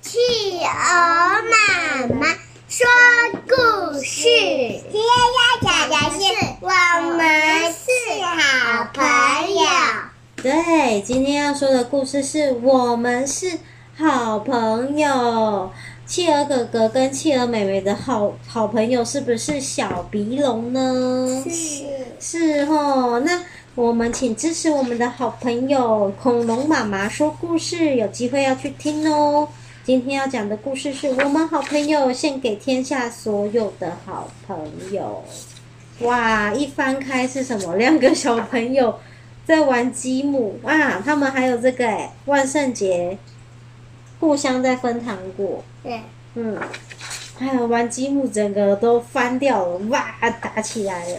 企鵝媽媽說故事，今天要講的是，的是我們是好朋友。對，今天要說的故事是，我們是好朋友。企鵝哥哥跟企鵝妹妹的好好朋友，是不是小鼻龍呢？是，是哦。那我們請支持我們的好朋友恐龍媽媽說故事，有機會要去聽哦。今天要講的故事是我們好朋友，獻給天下所有的好朋友。哇！一翻開是什麼？兩個小朋友在玩積木。哇！他們還有這個誒、欸，萬聖節，互相在分糖果。對，嗯，還有玩積木，整個都翻掉了，哇，打起來了。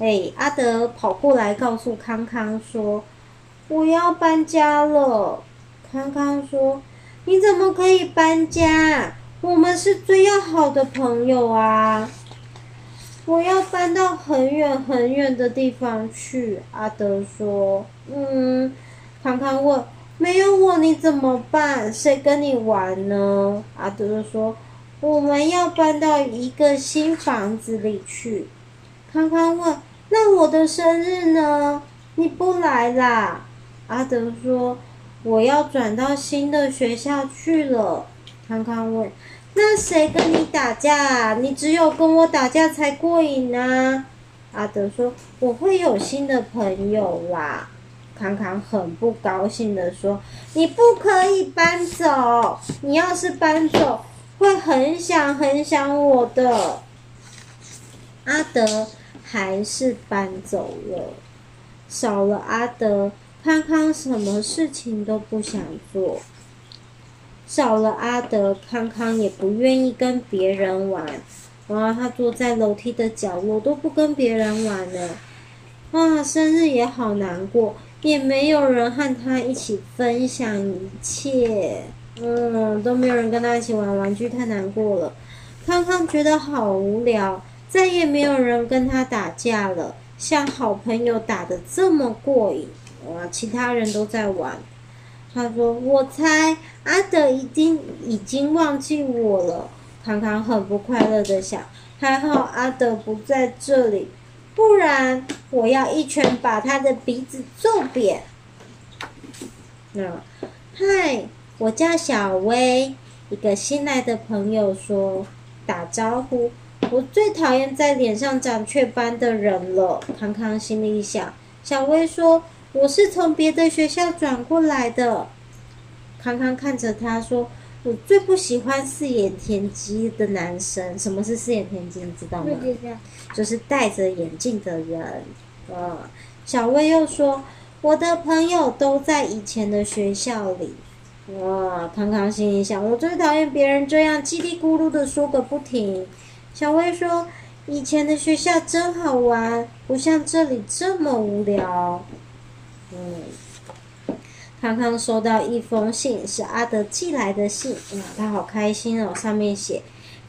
誒，阿德跑過來告訴康康說：“我要搬家了。”康康說。你怎麼可以搬家？我們是最要好的朋友啊！我要搬到很遠很遠的地方去。阿德說：“嗯。”康康問：“沒有我你怎麼辦？誰跟你玩呢？”阿德說：“我們要搬到一個新房子裡去。”康康問：“那我的生日呢？你不來啦？”阿德說。我要轉到新的學校去了。康康問：“那誰跟你打架啊？你只有跟我打架才過癮啊？”阿德說：“我會有新的朋友啦。”康康很不高興的說：“你不可以搬走，你要是搬走，會很想很想我的。”阿德還是搬走了，少了阿德。康康什麼事情都不想做，少了阿德，康康也不願意跟別人玩。然後、啊、他坐在樓梯的角落，都不跟別人玩了。哇、啊，生日也好難過，也沒有人和他一起分享一切。嗯，都沒有人跟他一起玩玩具，太難過了。康康覺得好無聊，再也沒有人跟他打架了，像好朋友打得這麼過癮。哇！其他人都在玩，他說：“我猜阿德已經已經忘記我了。”康康很不快樂的想：“還好阿德不在這裡，不然我要一拳把他的鼻子揍扁。”嗯，那，嗨，我叫小薇，一個新來的朋友說打招呼。我最討厭在臉上長雀斑的人了，康康心裡想。小薇說。我是從別的學校轉過來的。康康看着他說：“我最不喜歡四眼田雞的男生。什麼是四眼田雞？你知道嗎？”“就是戴着眼鏡的人。”“嗯。”小薇又說：“我的朋友都在以前的學校裡。”“哇！”康康心裡想：“我最討厭別人這樣嘰里咕嚕的說個不停。”小薇說：“以前的學校真好玩，不像這裡這麼無聊。”嗯，康康收到一封信，是阿德寄來的信。哇、嗯，他好開心哦！上面寫：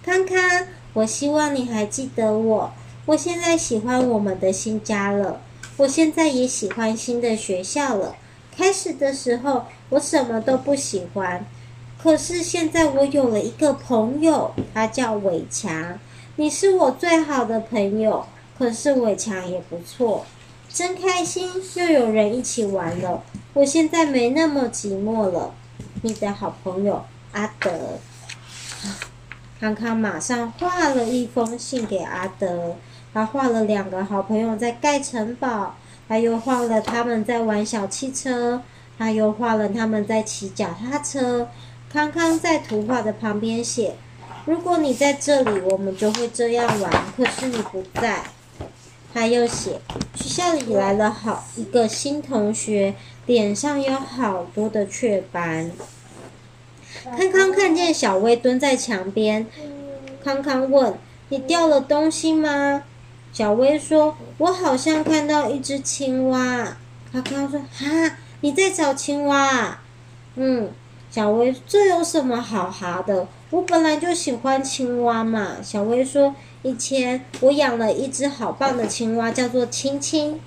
康康，我希望你還記得我。我現在喜歡我們的新家了，我現在也喜歡新的學校了。開始的時候，我什麼都不喜歡，可是現在我有了一個朋友，他叫偉強。你是我最好的朋友，可是偉強也不錯。真開心，又有人一起玩了。我現在沒那麼寂寞了。你的好朋友，阿德。康康馬上畫了一封信給阿德。他畫了兩個好朋友在蓋城堡，他又畫了他們在玩小汽車，他又畫了他們在騎腳踏車。康康在圖畫的旁邊寫：如果你在這裡，我們就會這樣玩，可是你不在。他又寫，學校裡來了好一個新同學，臉上有好多的雀斑。康康看見小薇蹲在牆邊，康康問：“你掉了東西嗎？”小薇說：“我好像看到一隻青蛙。”康康說：“哈，你在找青蛙啊？”嗯，小薇這有什麼好哈的？我本來就喜歡青蛙嘛。小薇說。以前我養了一隻好棒的青蛙，叫做青青。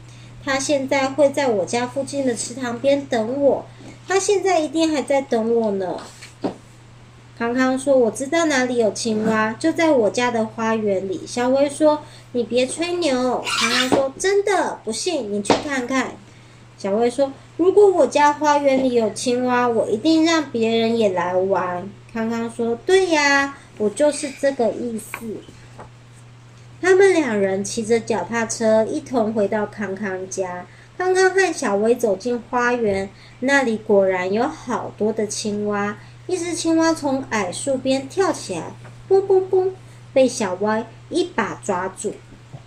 它現在會在我家附近的池塘邊等我。它現在一定還在等我呢。康康說：“我知道哪裡有青蛙，就在我家的花園裡。”小薇說：“你別吹牛。”康康說：“真的，不信你去看看。”小薇說：“如果我家花園裡有青蛙，我一定讓別人也來玩。”康康說：“對呀，我就是這個意思。”他們兩人騎着腳踏車一同回到康康家。康康和小威走進花園，那裡果然有好多的青蛙。一隻青蛙從矮樹邊跳起來，嘣嘣嘣，被小威一把抓住。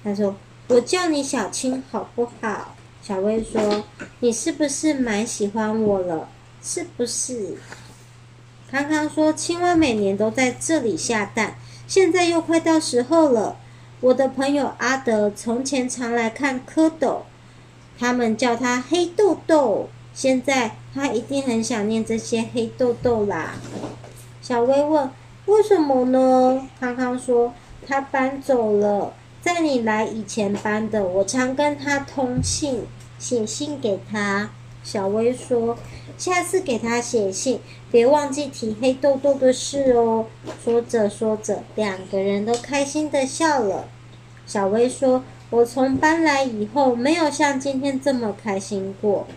他說：“我叫你小青好不好？”小威說：“你是不是蠻喜歡我了？是不是？”康康說：“青蛙每年都在這裡下蛋，現在又快到時候了。”我的朋友阿德從前常來看蝌蚪，他們叫他黑豆豆。現在他一定很想念這些黑豆豆啦。小薇問：“為什麼呢？”康康說：“他搬走了，在你來以前搬的。我常跟他通信，寫信給他。”小薇說：“下次給他寫信，別忘記提黑豆豆的事哦。”說着說着，兩個人都開心的笑了。小薇說：“我從搬來以後，沒有像今天這麼開心過。”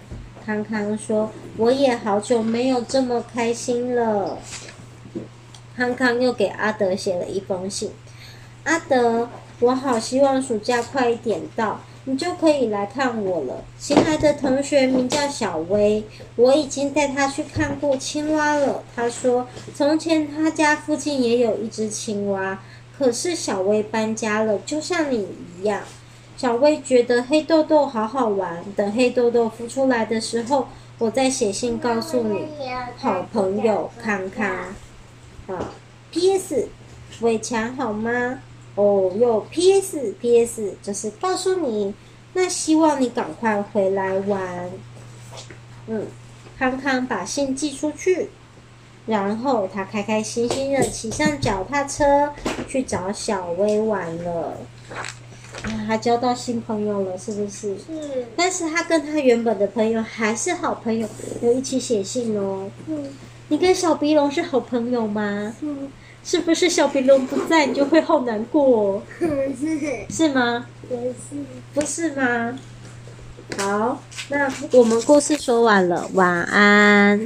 康康說：“我也好久沒有這麼開心了。”康康又給阿德寫了一封信：“阿德，我好希望暑假快一點到，你就可以來看我了。新來的同學名叫小薇，我已經帶他去看過青蛙了。他說，從前他家附近也有一隻青蛙。”可是小薇搬家了，就像你一樣。小薇覺得黑豆豆好好玩，等黑豆豆孵出來的時候，我再寫信告訴你。好朋友康康，啊 P.S. 偉強好嗎？哦喲。P.S. P.S. 就是告訴你，那希望你趕快回來玩。嗯，康康把信寄出去。然後他開開心心的騎上腳踏車去找小薇玩了，啊，他交到新朋友了，是不是？是。但是他跟他原本的朋友還是好朋友，有一起寫信哦。嗯。你跟小鼻龍是好朋友嗎？是。是不是小鼻龍不在，你就會好難過？ 是。是嗎？不是。不是嗎？好，那我們故事說完了，晚安。